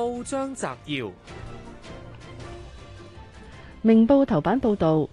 報章摘要：明報頭版報道，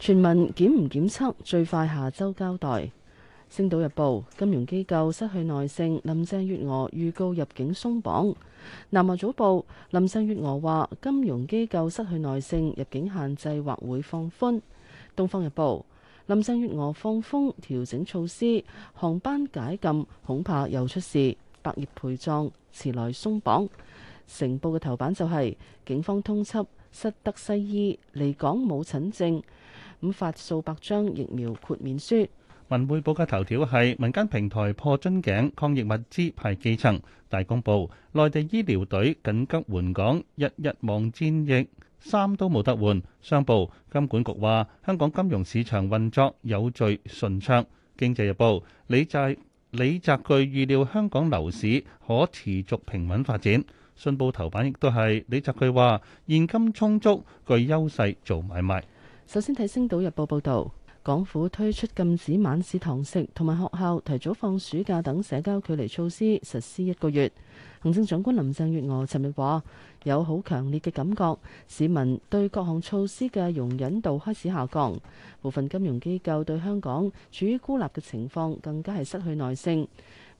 全民檢唔檢測最快下周交代。星島日報，金融機構失去耐性，林鄭月娥預告入境鬆綁。南華早報，林鄭月娥話金融機構失去耐性，入境限制或會放寬。東方日報，林鄭月娥放風調整措施，航班解禁恐怕又出事，百業陪葬，遲來鬆綁。成報嘅頭版就係、是、警方通緝失德西醫離港冇診症，咁發數百張疫苗豁免書。文匯報嘅頭條係民間平台破樽頸，抗疫物資派基層。大公報，內地醫療隊緊急援港，日日望戰疫，衫都冇得換。商報，金管局話香港金融市場運作有序順暢。經濟日報，李債李澤鉅預料香港樓市可持續平穩發展。信報頭版亦都係李澤鉅話現金充足具優勢做買賣。首先睇《星島日報》報導，港府推出禁止晚市堂食同埋學校提早放暑假等社交距離措施，實施一個月。行政長官林鄭月娥尋日話：有好強烈嘅感覺，市民對各項措施嘅容忍度開始下降，部分金融機構對香港處於孤立嘅情況更加係失去耐性。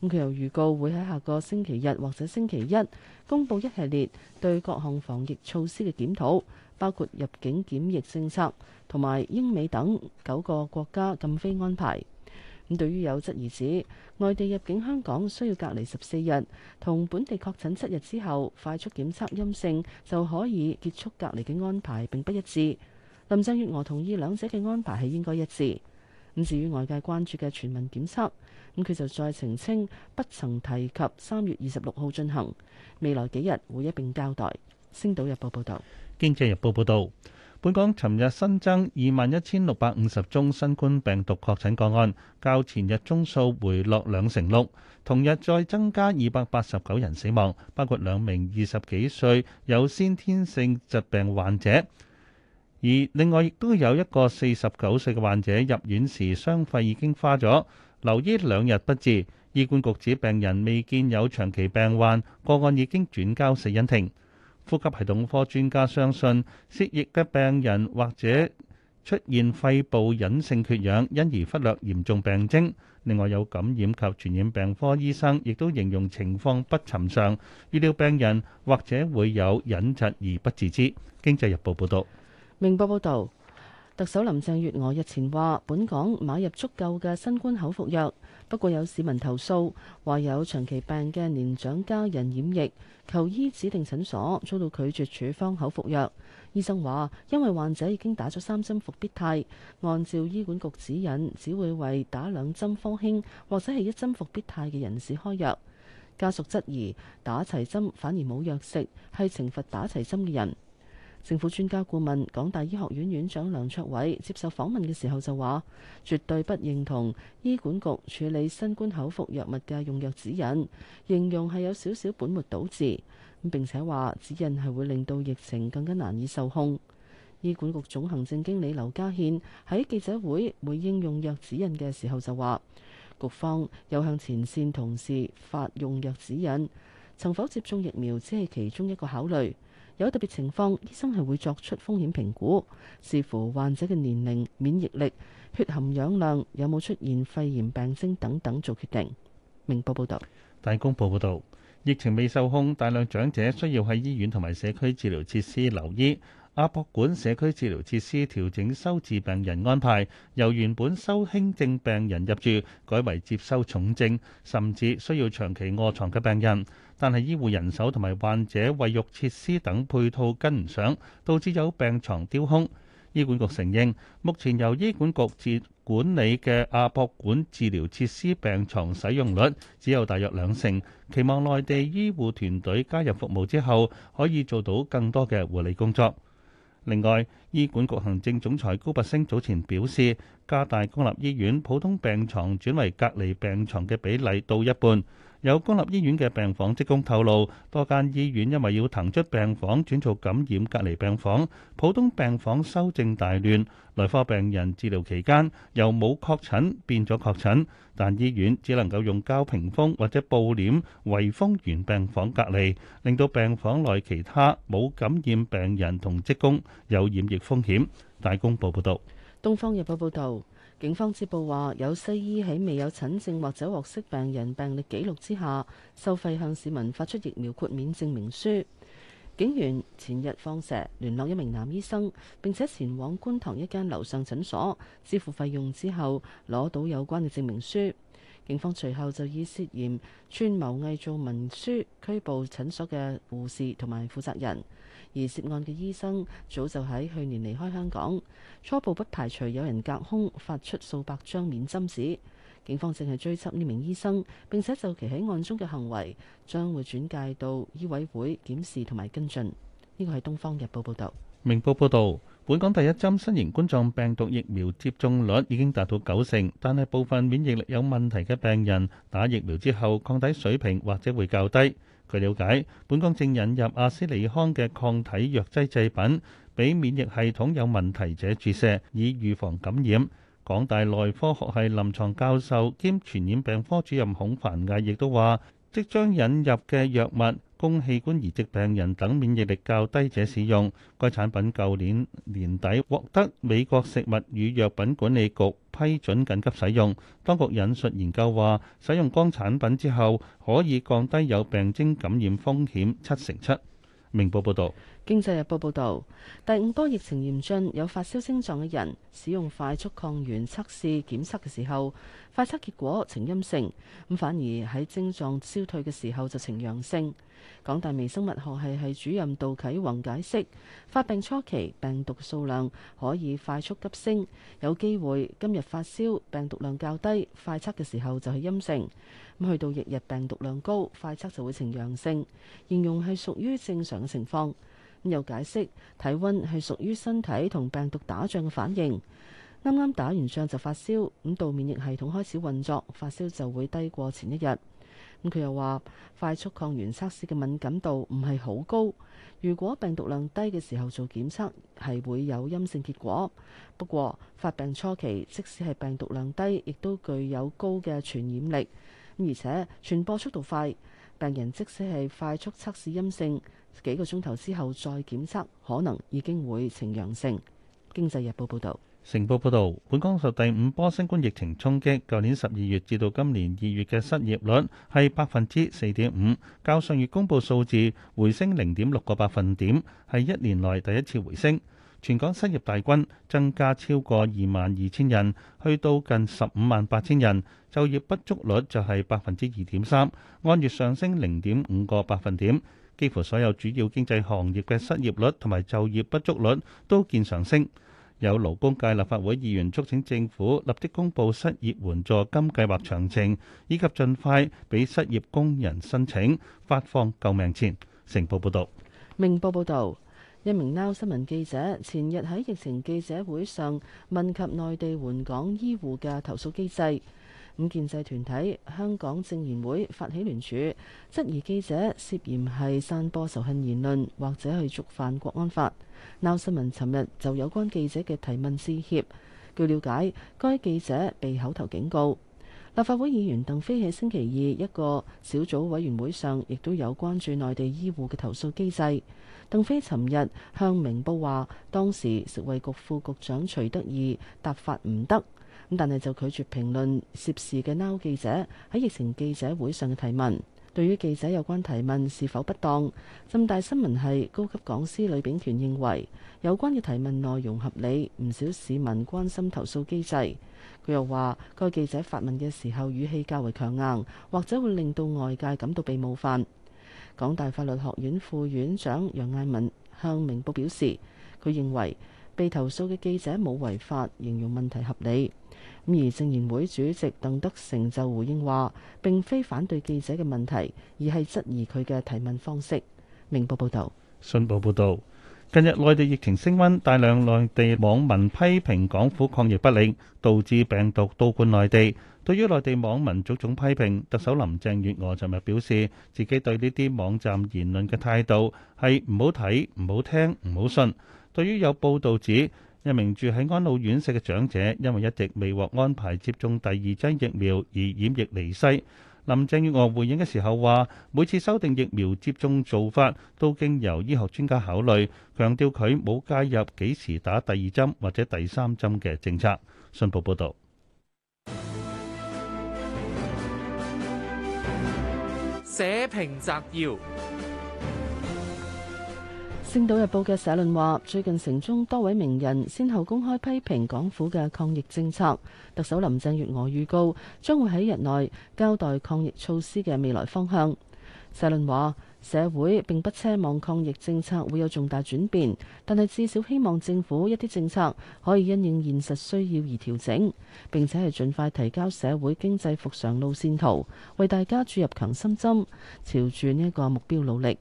佢又預告會喺下個星期日或者星期一公佈一系列對各項防疫措施嘅檢討，包括入境檢疫政策同埋英美等九個國家禁飛安排。咁對於有質疑指外地入境香港需要隔離十四日，同本地確診七日之後快速檢測陰性就可以結束隔離嘅安排並不一致，林鄭月娥同意兩者嘅安排係應該一致。咁至於外界關注嘅全民檢測。咁佢就再澄清，不曾提及三月二十六號進行，未來幾日會一並交代。《星島日報》報道：《經濟日報》報道，本港尋日新增二萬一千六百五十宗新冠病毒確診個案，較前日宗數回落兩成六。同日再增加二百八十九人死亡，包括兩名二十幾歲有先天性疾病患者，而另外亦都有一個四十九歲嘅患者入院時雙肺已經花咗。留醫兩日不治，醫管局指病人未見有長期病患，個案已經轉交死因庭。呼吸系統科專家相信，涉疫嘅病人或者出現肺部隱性缺氧，因而忽略嚴重病徵。另外有感染及傳染病科醫生亦都形容情況不尋常，預料病人或者會有隱疾而不自知。經濟日報報道。明報報道。特首林鄭月娥日前話，本港買入足夠嘅新冠口服藥，不過有市民投訴，話有長期病嘅年長家人染疫，求醫指定診所遭到拒絕處方口服藥。醫生話，因為患者已經打咗三針復必泰，按照醫管局指引，只會為打兩針科興或者係一針復必泰嘅人士開藥。家屬質疑，打齊針反而冇藥食，係懲罰打齊針嘅人。政府專家顧問、港大醫學院院長梁卓偉接受訪問嘅時候就話：絕對不認同醫管局處理新冠口服藥物嘅用藥指引，形容係有少少本末倒置。咁並且話指引係會令到疫情更加難以受控。醫管局總行政經理劉家憲喺記者會回應用藥指引嘅時候就話：局方有向前線同事發用藥指引，曾否接種疫苗只係其中一個考慮。有特別情況，醫生係會作出風險評估，視乎患者嘅年齡、免疫力、血含氧量有冇出現肺炎病徵等等做決定。明報報道。大公報報道，疫情未受控，大量長者需要喺醫院同埋社區治療設施留醫。亞博館社區治療設施調整收治病人安排，由原本收輕症病人入住，改為接收重症甚至需要長期臥床嘅病人。但係醫護人手同埋患者衛浴設施等配套跟唔上，導致有病床丟空。醫管局承認，目前由醫管局治管理嘅亞博館治療設施病床使用率只有大約兩成，期望內地醫護團隊加入服務之後，可以做到更多嘅護理工作。另外，醫管局行政總裁高拔昇早前表示，加大公立醫院普通病床轉為隔離病床嘅比例到一半。有公立醫院嘅病房職工透露，多間醫院因為要騰出病房轉做感染隔離病房，普通病房修正大亂，內科病人治療期間由冇確診變咗確診，但醫院只能夠用膠屏風或者布簾圍封原病房隔離，令到病房內其他冇感染病人同職工有染疫風險。大公報報道。《東方日報》報導。警方接報話，有西醫喺未有診症或者獲悉病人病歷記錄之下，收費向市民發出疫苗豁免證明書。警員前日放蛇聯絡一名男醫生，並且前往觀塘一間樓上診所支付費用之後，攞到有關嘅證明書。警方隨後就以涉嫌串謀偽造文書拘捕診所嘅護士同埋負責人，而涉案嘅醫生早就喺去年離開香港。初步不排除有人隔空發出數百張免針紙。警方正係追緝呢名醫生，並且就其喺案中嘅行為，將會轉介到醫委會檢視同埋跟進。呢個係《東方日報》報道。《明報》報導。本港第一針新型冠狀病毒疫苗接種率已經達到九成，但係部分免疫力有問題嘅病人打疫苗之後，抗體水平或者會較低。據瞭解，本港正引入阿斯利康嘅抗體藥劑製品，俾免疫系統有問題者注射，以預防感染。港大內科學系臨牀教授兼傳染病科主任孔繁毅亦都話。即將引入嘅藥物供器官移植病人等免疫力較低者使用。該產品舊年年底獲得美國食物與藥品管理局批准緊急使用。當局引述研究話，使用該產品之後，可以降低有病徵感染風險七成七。明報報導。經濟日報報導，第五波疫情嚴峻，有發燒症狀嘅人使用快速抗原測試檢測嘅時候，快測結果呈陰性，咁反而喺症狀消退嘅時候就呈陽性。港大微生物學系系主任杜啟宏解釋，發病初期病毒嘅數量可以快速急升，有機會今日發燒病毒量較低，快測嘅時候就係陰性，咁去到翌日病毒量高，快測就會呈陽性，形容係屬於正常嘅情況。又解釋體温係屬於身體同病毒打仗嘅反應，啱啱打完仗就發燒，咁到免疫系統開始運作，發燒就會低過前一日。咁佢又話快速抗原測試嘅敏感度唔係好高，如果病毒量低嘅時候做檢測係會有陰性結果。不過發病初期即使係病毒量低，亦都具有高嘅傳染力，而且傳播速度快。病人即使係快速測試陰性，幾個鐘頭之後再檢測，可能已經會呈陽性。經濟日報報導，成報報導，本港受第五波新冠疫情衝擊，舊年十二月至到今年二月嘅失業率係百分之四點五，較上月公佈數字回升零點六個百分點，係一年內第一次回升。全港失業大軍增加超過二萬二千人，去到近十五萬八千人。就業不足率就係百分之二點三，按月上升零點五個百分點。幾乎所有主要經濟行業嘅失業率同埋就業不足率都見上升。有勞工界立法會議員促請政府立即公布失業援助金計劃詳情，以及盡快俾失業工人申請發放救命錢。成報報道。明報報導。一名 Now 新聞記者前日喺疫情記者會上問及內地援港醫護嘅投訴機制，五建制團體香港政研會發起聯署，質疑記者涉嫌係散播仇恨言論或者係觸犯國安法。Now 新聞尋日就有關記者嘅提問致歉。據了解，該記者被口頭警告。立法會議員鄧飛喺星期二一個小組委員會上，亦都有關注內地醫護嘅投訴機制。鄧飛尋日向明報話，當時食衞局副局長徐德義答法唔得，咁但係就拒絕評論涉事嘅撈記者喺疫情記者會上嘅提問。對於記者有關提問是否不當，浸大新聞系高級講師呂秉權認為有關嘅提問內容合理，唔少市民關心投訴機制。佢又話，該記者發問嘅時候語氣較為強硬，或者會令到外界感到被冒犯。港大法律學院副院長楊艾文向明報表示，佢認為，被投訴嘅記者冇違法，形容問題合理。咁而政研會主席鄧德成就回應話：並非反對記者嘅問題，而係質疑佢嘅提問方式。明報報導，信報報導，近日內地疫情升溫，大量內地網民批評港府抗疫不力，導致病毒倒灌內地。對於內地網民種種批評，特首林鄭月娥尋日表示，自己對呢啲網站言論嘅態度係唔好睇、唔好聽、唔好信。對於有報導指一名住喺安老院舍嘅長者，因為一直未獲安排接種第二劑疫苗而染疫離世，林鄭月娥回應嘅時候話：每次修訂疫苗接種做法都經由醫學專家考慮，強調佢冇介入幾時打第二針或者第三針嘅政策。信報報導。社評摘要。《星島日報》嘅社論話：最近城中多位名人先後公開批評港府嘅抗疫政策。特首林鄭月娥預告將會喺日內交代抗疫措施嘅未來方向。社論話：社會並不奢望抗疫政策會有重大轉變，但係至少希望政府一啲政策可以因應現實需要而調整，並且係盡快提交社會經濟復常路線圖，為大家注入強心針，朝住呢一個目標努力。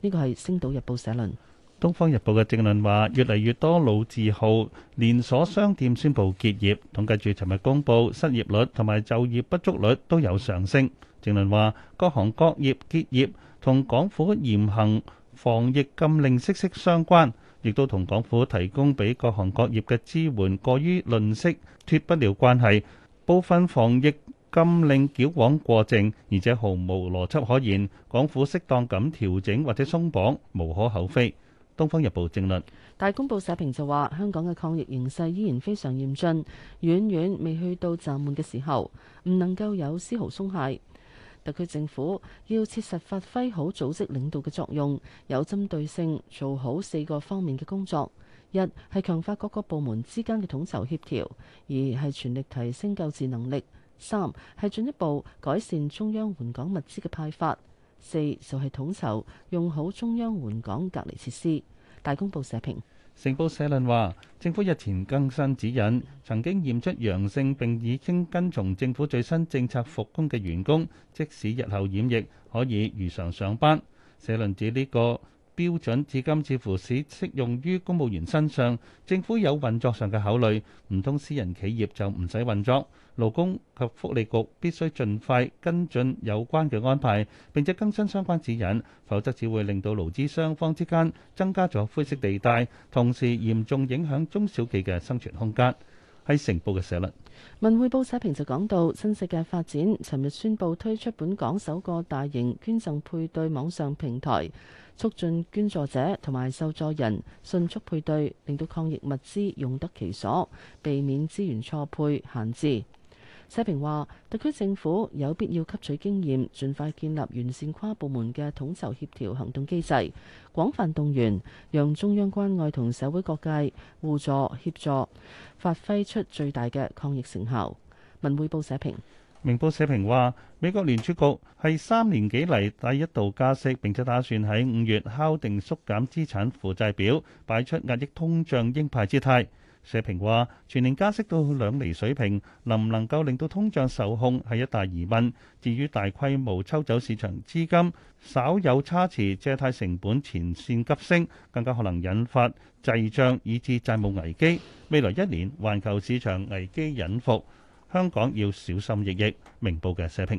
呢個係《星島日報》社論，《東方日報》嘅正論話，越嚟越多老字號連鎖商店宣布結業。統計住，尋日公佈失業率同埋就業不足率都有上升。正論話，各行各業結業同港府嚴行防疫禁令息息相關，亦都同港府提供俾各行各業嘅支援過於吝惜脫不了關係。部分防疫禁令矯枉過正，而且毫無邏輯可言。港府適當咁調整或者鬆綁無可厚非。《東方日報》政論。大公報社評就話，香港嘅抗疫形勢依然非常嚴峻，遠遠未去到暫緩嘅時候，唔能夠有絲毫鬆懈。特區政府要切實發揮好組織領導嘅作用，有針對性做好四個方面嘅工作：一係強化各個部門之間嘅統籌協調，二係全力提升救治能力。三係進一步改善中央援港物資嘅派發，四就係統籌用好中央援港隔離設施。大公報社評。成報社論話，政府日前更新指引，曾經驗出陽性並已經跟從政府最新政策復工嘅員工，即使日後染疫，可以如常上班。社論指呢、這個標準至今似乎只適用於公務員身上，政府有運作上嘅考慮，唔通私人企業就唔使運作？勞工及福利局必須盡快跟進有關嘅安排，並且更新相關指引，否則只會令到勞資雙方之間增加咗灰色地帶，同時嚴重影響中小企嘅生存空間。喺成報嘅社論，文匯報社評就講到新世界發展尋日宣布推出本港首個大型捐贈配對網上平台，促進捐助者同埋受助人迅速配對，令到抗疫物資用得其所，避免資源錯配限制。社評話，特區政府有必要吸取經驗，盡快建立完善跨部門嘅統籌協調行動機制，廣泛動員，讓中央關愛同社會各界互助協助，發揮出最大嘅抗疫成效。文匯報社評。明報社評話，美國聯儲局係三年幾嚟第一度加息，並且打算喺五月敲定縮減資產負債表，擺出壓抑通脹鷹派姿態。社評話：全年加息到兩厘水平，能唔能夠令到通脹受控係一大疑問。至於大規模抽走市場資金，稍有差池，借貸成本前線急升，更加可能引發滯脹，以至債務危機。未來一年，環球市場危機隱伏，香港要小心翼翼。明報嘅社評。